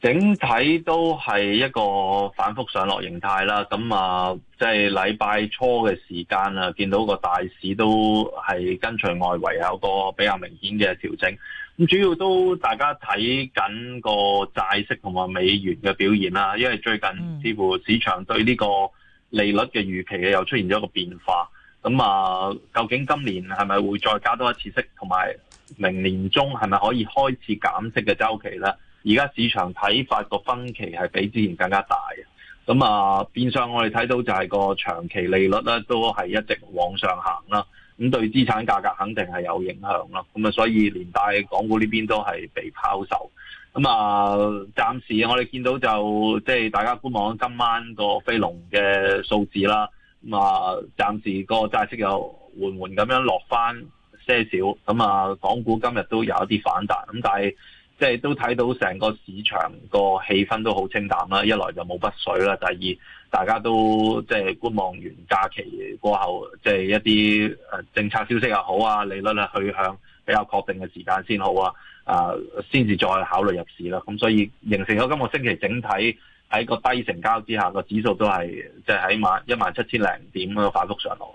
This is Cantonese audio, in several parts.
整體都係一個反覆上落形態啦，咁啊，即係禮拜初嘅時間啊，見到個大市都係跟隨外圍有個比較明顯嘅調整。咁主要都大家睇緊個債息同埋美元嘅表現啦，因為最近似乎市場對呢個利率嘅預期又出現咗一個變化。咁啊，究竟今年係咪會再加多一次息，同埋明年中係咪可以開始減息嘅周期呢？而家市場睇法個分歧係比之前更加大，咁啊變相我哋睇到就係個長期利率咧都係一直往上行啦，咁對資產價格肯定係有影響啦，咁啊所以連帶港股呢邊都係被拋售，咁啊暫時我哋見到就即係、就係、大家觀望今晚個非農嘅數字啦，咁啊暫時個債息又緩緩咁樣落翻些少，咁啊港股今日都有一啲反彈，咁但係，即係都睇到成個市場個氣氛都好清淡啦，一來就冇筆水啦，第二大家都即係觀望完假期過後，即係一啲誒政策消息又好啊，利率啊去向比較確定嘅時間先好啊，啊先至再考慮入市啦。咁所以形成咗今個星期整體喺個低成交之下，個指數都係即係喺萬一萬七千零點咁反覆上落。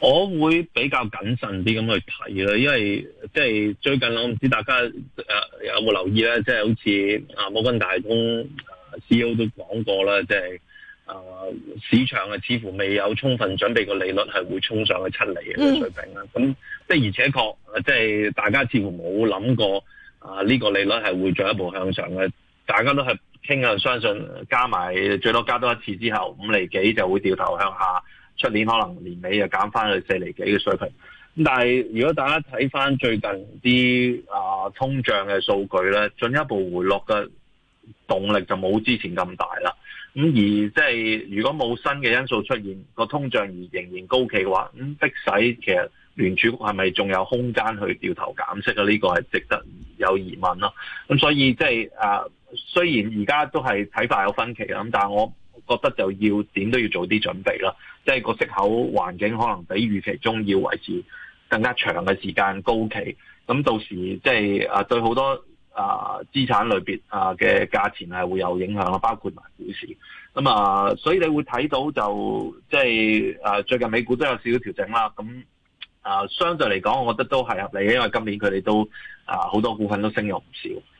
我會比較謹慎啲咁去睇啦，因為即係最近我唔知大家誒有冇留意咧，即係好似啊摩根大通誒 CEO 都講過啦，即係啊市場啊似乎未有充分準備個利率係會衝上去七厘嘅水平啦，咁即係而且確即係大家似乎冇諗過啊呢個利率係會進一步向上嘅，大家都係傾向相信加埋最多加多一次之後五厘幾就會掉頭向下。出年可能年尾就減翻去四厘幾嘅水平，咁但係如果大家睇翻最近啲啊通脹嘅數據咧，進一步回落嘅動力就冇之前咁大啦。咁、嗯、而即、就、係、是、如果冇新嘅因素出現，個通脹而仍然高企嘅話，咁、嗯、迫使其實聯儲局係咪仲有空間去掉頭減息啊？呢、這個係值得有疑問咯。咁、嗯、所以即、就、係、是、啊，雖然而家都係睇法有分歧啦，咁但係我覺得就要點都要做啲準備啦，即係個息口環境可能比預期中要維持更加長嘅時間高期，咁到時即係啊對好多啊資產類別啊嘅價錢係會有影響，包括埋股市。咁啊，所以你會睇到就即係啊最近美股都有少少調整啦。咁啊，相對嚟講，我覺得都係合理嘅，因為今年佢哋都啊好多股份都升咗唔少。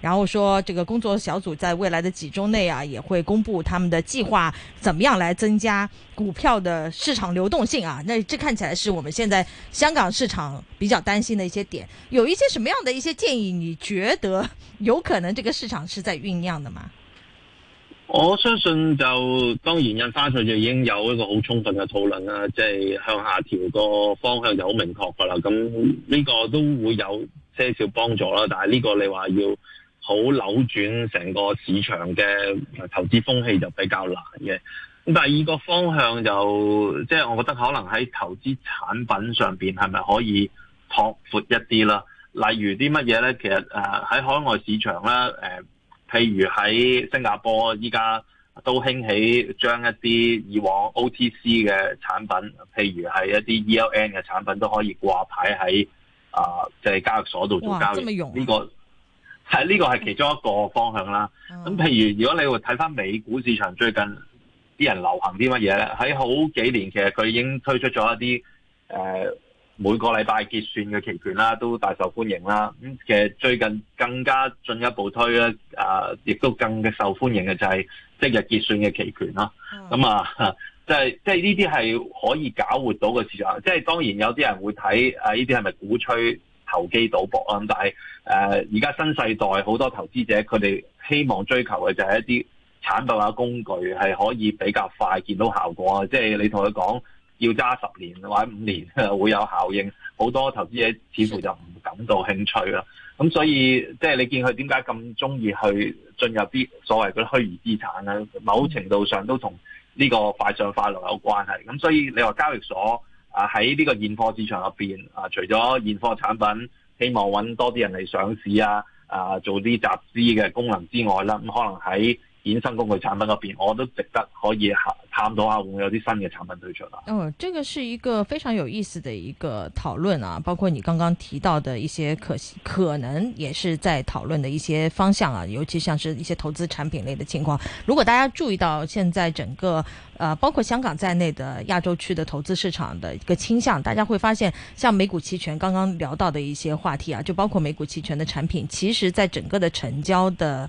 然後說，這個工作小組在未來的幾周內啊，也會公布他們的計劃，怎麼樣來增加股票的市場流動性啊？那這看起來是我們現在香港市場比較擔心的一些點。有一些什麼樣的一些建議？你覺得有可能這個市場是在醞釀的嗎？我相信就當然印花稅就已經有一個好充分的討論啊，即係向下調個方向就好明確噶啦。咁呢個都會有些少幫助啦，但係呢個你話要。好扭轉成個市場嘅投資風氣就比較難嘅。咁第二個方向就即係、就是、我覺得可能喺投資產品上邊係咪可以拓闊一啲啦？例如啲乜嘢咧？其實誒喺、呃、海外市場啦，誒、呃，譬如喺新加坡依家都興起將一啲以往 O T C 嘅產品，譬如係一啲 E L N 嘅產品都可以掛牌喺啊，即、呃、係、就是、交易所度做交易。呢、這個係呢、呢個係其中一個方向啦。咁譬如如果你會睇返美股市場最近啲人流行啲乜嘢咧？喺好幾年其實佢已經推出咗一啲誒、呃、每個禮拜結算嘅期權啦，都大受歡迎啦。咁、嗯、其實最近更加進一步推咧，啊、呃，亦都更嘅受歡迎嘅就係即日結算嘅期權啦。咁、嗯、啊，即係即係呢啲係可以搞活到嘅市場。即、就、係、是、當然有啲人會睇啊，呢啲係咪鼓吹？投機賭博啊！但係誒，而家新世代好多投資者，佢哋希望追求嘅就係一啲產品啊、工具係可以比較快見到效果啊。即係你同佢講要揸十年或者五年會有效應，好多投資者似乎就唔感到興趣啦。咁所以即係你見佢點解咁中意去進入啲所謂嘅虛擬資產啊？某程度上都同呢個快上快落有關係。咁所以你話交易所？啊！喺呢個現貨市場入邊，啊，除咗現貨產品，希望搵多啲人嚟上市啊！啊，做啲集資嘅功能之外啦，咁、啊、可能喺，衍生工具產品嗰邊，我都值得可以探討下會唔會有啲新嘅產品推出啦。哦，這個是一個非常有意思的一個討論啊，包括你剛剛提到的一些可可能也是在討論的一些方向啊，尤其像是一些投資產品類的情況。如果大家注意到現在整個呃，包括香港在內的亞洲區的投資市場的一個傾向，大家會發現像美股期權剛剛聊到的一些話題啊，就包括美股期權的產品，其實在整個的成交的。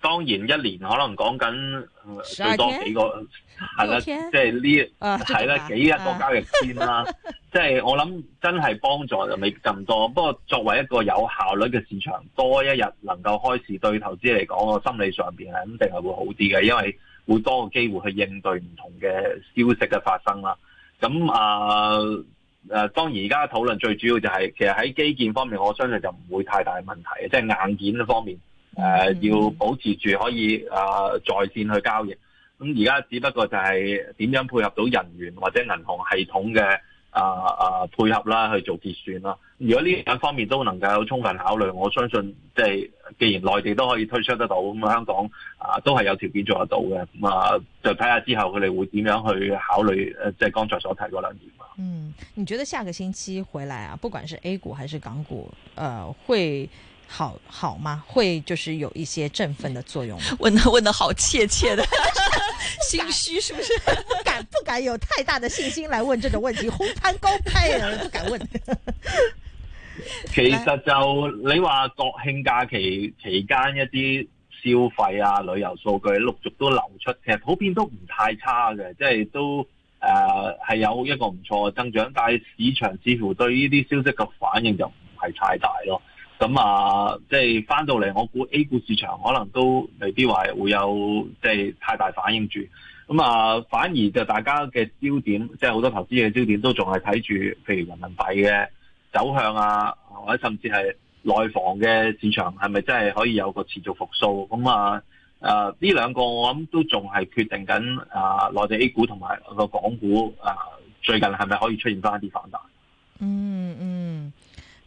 當然，一年可能講緊最多幾個係啦，即係呢係啦幾一個交易天啦。即、啊、係、就是、我諗真係幫助就未咁多。 不過作為一個有效率嘅市場，多一日能夠開市對投資嚟講個心理上邊係肯定係會好啲嘅，因為會多個機會去應對唔同嘅消息嘅發生啦。咁啊誒，當然而家討論最主要就係、是、其實喺基建方面，我相信就唔會太大問題，即、就、係、是、硬件方面。誒、呃，要保持住可以誒、呃、在線去交易，咁而家只不過就係點樣配合到人員或者銀行系統嘅誒誒配合啦，去做結算啦，如果呢兩方面都能夠有充分考慮，我相信即係既然內地都可以推出得到，咁香港啊、呃、都係有條件做得到嘅。咁、呃、啊，就睇下之後佢哋會點樣去考慮誒，即係剛才所提嗰兩點啊。嗯，你覺得下個星期回來啊，不管是 A 股還是港股，誒、呃、會？好好嗎？會就是有一些振奮的作用。問得問得好切切的， 心虛是不是？不敢不敢有太大的信心來問這種問題？紅盤高拍啊，不敢問。 其實就你話國慶假期期間一啲消費啊、旅遊數據陸續都流出，其實普遍都唔太差嘅，即係都誒係、呃、有一個唔錯嘅增長，但係市場似乎對呢啲消息嘅反應就唔係太大咯。咁啊，即係翻到嚟，我估 A 股市場可能都未必話會有即係、就是、太大反應住。咁啊，反而就大家嘅焦點，即係好多投資嘅焦點，都仲係睇住，譬如人民幣嘅走向啊，或者甚至係內房嘅市場，係咪真係可以有個持續復蘇？咁啊，誒呢兩個我諗都仲係決定緊啊，內地 A 股同埋個港股啊，最近係咪可以出現翻一啲反彈？嗯嗯。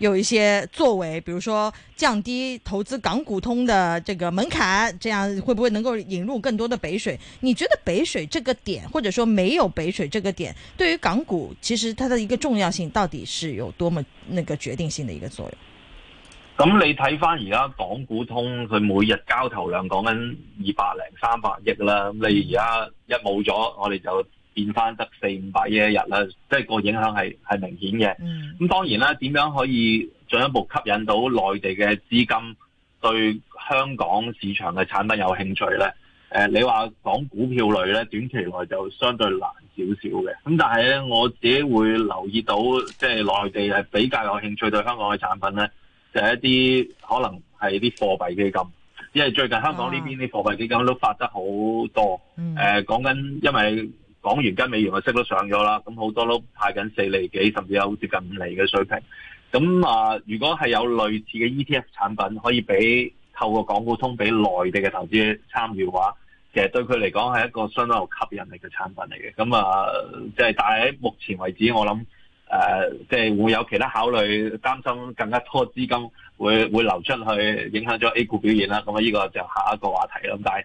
有一些作為，比如說降低投資港股通的這個門檻，這樣會不會能夠引入更多的北水？你覺得北水這個點，或者說沒有北水這個點，對於港股其實它的一個重要性到底是有多麼那個決定性的一個作用？咁你睇返而家港股通佢每日交投量講緊二百零三百億啦，咁你而家一冇咗，我哋就，變翻得四五百億一日啦，即係個影響係係明顯嘅。嗯，咁當然啦，點樣可以進一步吸引到內地嘅資金對香港市場嘅產品有興趣咧？誒，呃，你話講股票類咧，短期內就相對難少少嘅。咁但係咧，我自己會留意到，即係內地係比較有興趣對香港嘅產品咧，就係一啲可能係啲貨幣基金，因為最近香港呢邊啲貨幣基金都發得好多。誒，啊，呃，講緊因為港元跟美元嘅息都上咗啦，咁好多都派緊四厘幾，甚至有接近五厘嘅水平。咁啊、呃，如果係有類似嘅 ETF 產品可以俾透過港股通俾內地嘅投資參與嘅話，其實對佢嚟講係一個相當有吸引力嘅產品嚟嘅。咁啊，即、呃、係、就是、但係目前為止，我諗誒，即、呃、係、就是、會有其他考慮，擔心更加多資金會會流出去，影響咗 A 股表現啦。咁啊，呢、這個就下一個話題啦。咁但係。